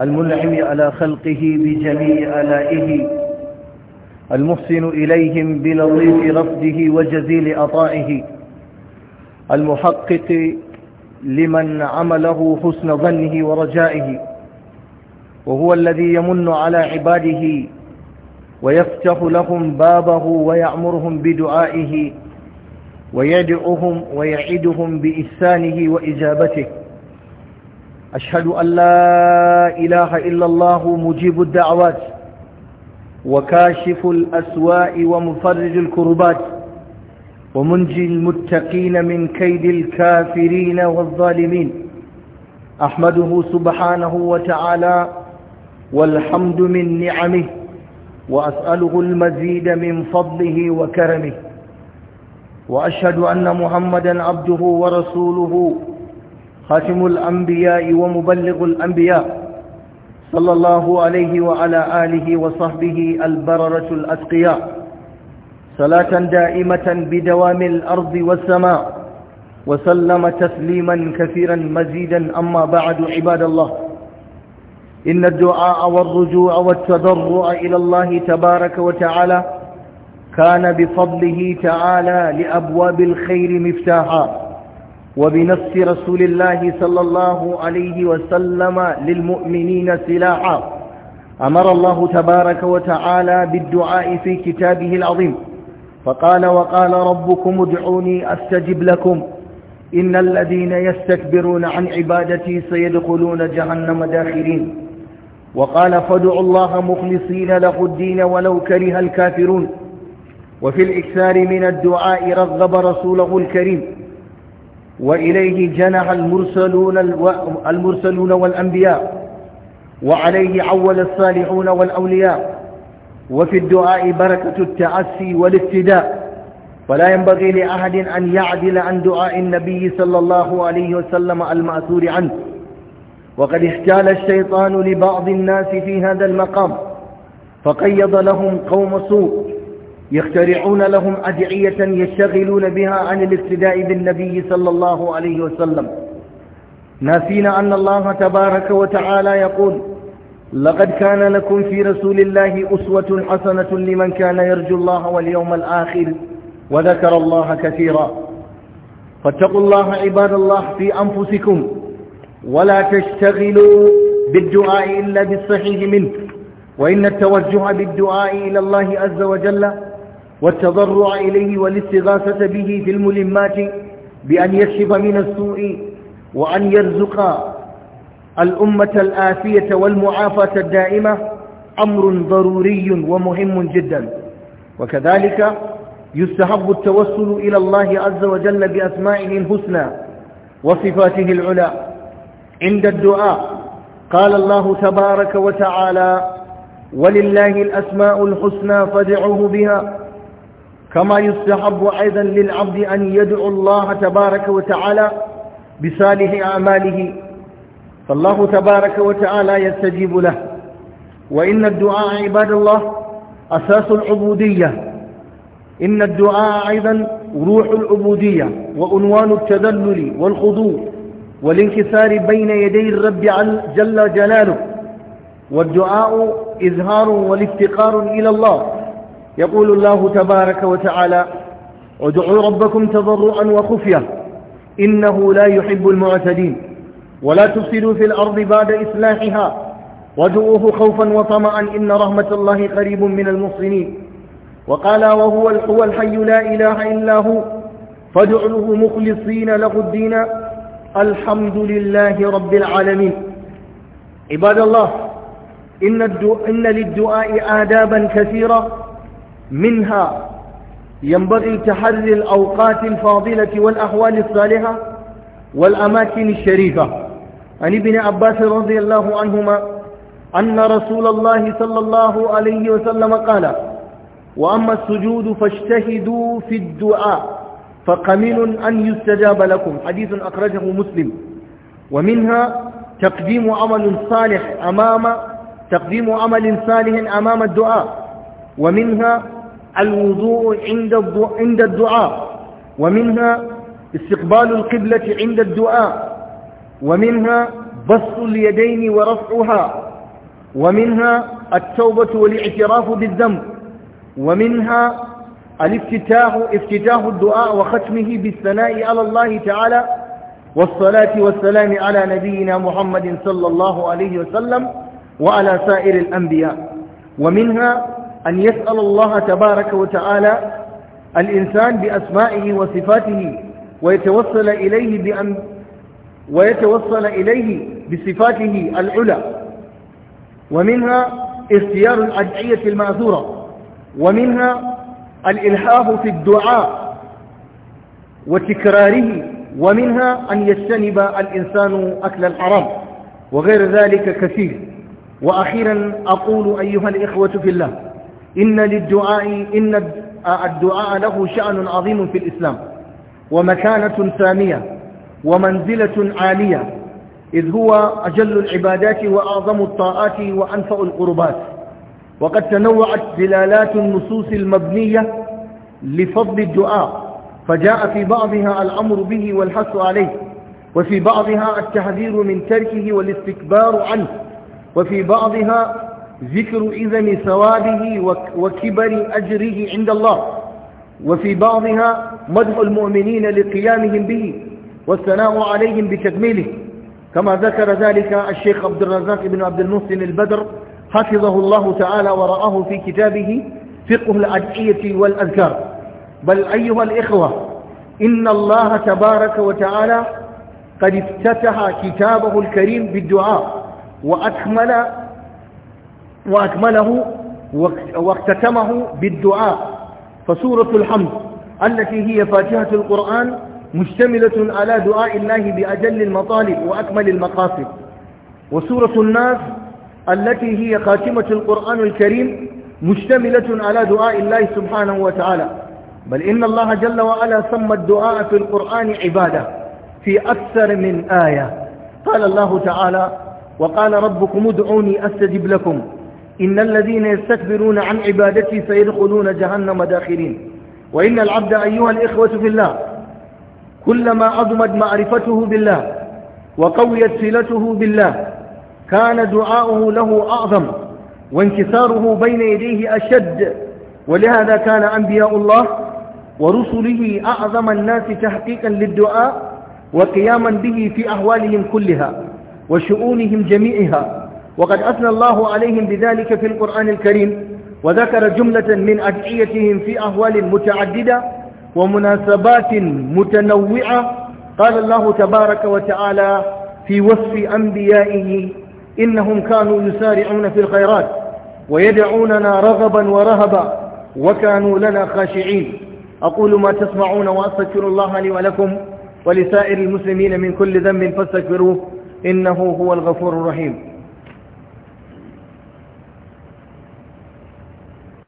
المنعم على خلقه بجميع آلائه المحسن إليهم بلطيف رفده وجزيل أطائه المحقق لمن عمله حسن ظنه ورجائه وهو الذي يمن على عباده ويفتح لهم بابه ويعمرهم بدعائه ويدعهم ويعدهم بإحسانه وإجابته أشهد أن لا إله إلا الله مجيب الدعوات وكاشف الأسواء ومفرج الكربات ومنجي المتقين من كيد الكافرين والظالمين أحمده سبحانه وتعالى والحمد من نعمه وأسأله المزيد من فضله وكرمه وأشهد أن محمدا عبده ورسوله خاتم الأنبياء ومبلغ الأنبياء صلى الله عليه وعلى آله وصحبه البررة الأتقياء صلاة دائمة بدوام الأرض والسماء وسلم تسليما كثيرا مزيدا أما بعد عباد الله إن الدعاء والرجوع والتضرع إلى الله تبارك وتعالى كان بفضله تعالى لأبواب الخير مفتاحا وبنص رسول الله صلى الله عليه وسلم للمؤمنين سلاحا أمر الله تبارك وتعالى بالدعاء في كتابه العظيم فقال وقال ربكم ادعوني أستجب لكم إن الذين يستكبرون عن عبادتي سيدخلون جهنم داخرين وقال فادعوا الله مخلصين له الدين ولو كره الكافرون وفي الإكثار من الدعاء رغب رسوله الكريم وإليه جنح المرسلون, المرسلون والأنبياء وعليه عول الصالحون والأولياء وفي الدعاء بركة التعسي والافتداء فلا ينبغي لأحد أن يعدل عن دعاء النبي صلى الله عليه وسلم المأثور عنه وقد احتال الشيطان لبعض الناس في هذا المقام فقيض لهم قوم سوء يخترعون لهم أدعية يشتغلون بها عن الاقتداء بالنبي صلى الله عليه وسلم ناسين أن الله تبارك وتعالى يقول لقد كان لكم في رسول الله أسوة حسنة لمن كان يرجو الله واليوم الآخر وذكر الله كثيرا فاتقوا الله عباد الله في أنفسكم ولا تشتغلوا بالدعاء إلا بالصحيح منه وإن التوجه بالدعاء إلى الله عز وجل والتضرع إليه والاستغاثة به في الملمات بأن يكشف من السوء وأن يرزق الأمة الآفية والمعافاة الدائمة أمر ضروري ومهم جدا وكذلك يستحب التوسل إلى الله عز وجل بأسمائه الحسنى وصفاته العلى عند الدعاء قال الله تبارك وتعالى ولله الأسماء الحسنى فادعوه بها كما يستحب أيضا للعبد أن يدعو الله تبارك وتعالى بصالح أعماله فالله تبارك وتعالى يستجيب له وإن الدعاء عباد الله أساس العبودية إن الدعاء أيضا روح العبودية وعنوان التذلل والخضوع والانكسار بين يدي الرب جل جلاله والدعاء إظهار والافتقار إلى الله يقول الله تبارك وتعالى ادعوا ربكم تضرعا وخفية إنه لا يحب المعتدين ولا تفسدوا في الأرض بعد إصلاحها وادعوه خوفا وطمعا إن رحمة الله قريب من المحسنين وقال وهو هو الحي لا إله إلا هو فادعوه مخلصين له الدين الحمد لله رب العالمين عباد الله إن, إن للدعاء آدابا كثيرة منها ينبغي تحري الأوقات الفاضلة والأحوال الصالحة والأماكن الشريفة عن ابن عباس رضي الله عنهما أن رسول الله صلى الله عليه وسلم قال وأما السجود فاجتهدوا في الدعاء فقمن أن يستجاب لكم حديث أخرجه مسلم ومنها تقديم عمل صالح أمام تقديم عمل صالح أمام الدعاء ومنها الوضوء عند عند الدعاء ومنها استقبال القبلة عند الدعاء ومنها بسط اليدين ورفعها ومنها التوبة والاعتراف بالذنب ومنها الافتتاح افتتاح الدعاء وختمه بالثناء على الله تعالى والصلاة والسلام على نبينا محمد صلى الله عليه وسلم وعلى سائر الأنبياء ومنها أن يسأل الله تبارك وتعالى الإنسان بأسمائه وصفاته ويتوصل إليه بأن ويتوصل إليه بصفاته العلى ومنها اختيار الأدعية المأثورة ومنها الإلحاف في الدعاء وتكراره ومنها أن يجتنب الإنسان أكل الحرام وغير ذلك كثير وأخيرا أقول أيها الإخوة في الله إن للدعاء إن الدعاء له شأن عظيم في الإسلام ومكانة ثانية ومنزلة عالية إذ هو أجل العبادات وأعظم الطاعات وأنفع القربات وقد تنوعت دلالات النصوص المبنية لفضل الدعاء فجاء في بعضها الأمر به والحث عليه وفي بعضها التحذير من تركه والاستكبار عنه وفي بعضها ذكر إذن ثوابه وكبر أجره عند الله وفي بعضها مدح المؤمنين لقيامهم به والثناء عليهم بتكميله كما ذكر ذلك الشيخ عبد الرزاق بن عبد المحسن البدر حفظه الله تعالى ورآه في كتابه فقه الأدعية والأذكار بل أيها الإخوة إن الله تبارك وتعالى قد افتتح كتابه الكريم بالدعاء وأكمل وأكمله واختتمه بالدعاء فسورة الحمد التي هي فاتحة القرآن مشتملة على دعاء الله بأجل المطالب وأكمل المقاصد وسورة الناس التي هي خاتمة القرآن الكريم مشتملة على دعاء الله سبحانه وتعالى بل إن الله جل وعلا سمى الدعاء في القرآن عبادة في أكثر من آية قال الله تعالى وقال ربكم ادعوني أستجب لكم إن الذين يستكبرون عن عبادتي سيدخلون جهنم داخلين وإن العبد أيها الإخوة في الله كلما عظمت معرفته بالله وقويت صلته بالله كان دعاؤه له أعظم وانكساره بين يديه أشد ولهذا كان أنبياء الله ورسله أعظم الناس تحقيقا للدعاء وقياما به في أحوالهم كلها وشؤونهم جميعها وقد أثنى الله عليهم بذلك في القرآن الكريم وذكر جملة من أدعيتهم في أهوال متعددة ومناسبات متنوعة قال الله تبارك وتعالى في وصف أنبيائه إنهم كانوا يسارعون في الخيرات ويدعوننا رغبا ورهبا وكانوا لنا خاشعين أقول ما تسمعون وأستغفر الله لي ولكم ولسائر المسلمين من كل ذنب فاستغفروه إنه هو الغفور الرحيم